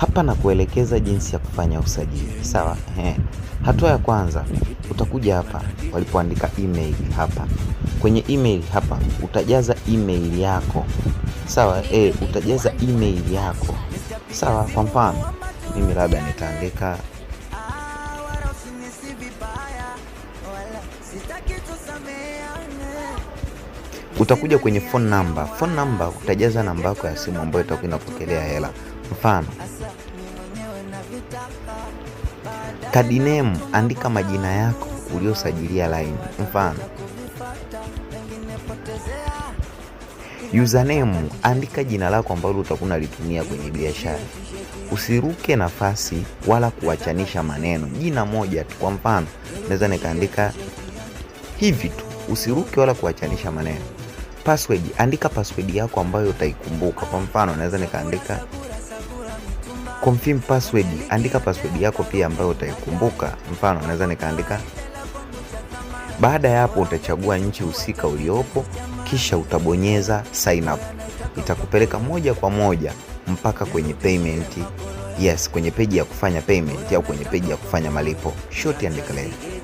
Hapa na kuelekeza jinsi ya kufanya usajili. Sawa? He. Hatua ya kwanza utakuja hapa walipoandika email hapa. Kwenye email hapa utajaza email yako. Sawa? eh, utajaza email yako. Sawa? Kwa mfano mimi labda nitaandika utakuja kwenye phone number. Phone number utajaza namba yako ya simu ambayo itakuwa inapokelea hela. Mfano, kadi andika majina yako uliosajilia laini. Mfano, username, andika jina lako ambalo utakuna litumia kwenye biashara. Usiruke nafasi wala kuwachanisha maneno, jina moja tu. Kwa mfano, naweza nikaandika hivi tu, usiruke wala kuwachanisha maneno. Password, andika password yako ambayo utaikumbuka. Kwa mfano, naweza nikaandika Confirm password, andika password yako pia ambayo utaikumbuka. Mfano naweza nikaandika. Baada ya hapo, utachagua nchi husika uliopo, kisha utabonyeza sign up. Itakupeleka moja kwa moja mpaka kwenye payment, yes, kwenye peji ya kufanya payment au kwenye peji ya kufanya malipo. Short and clear.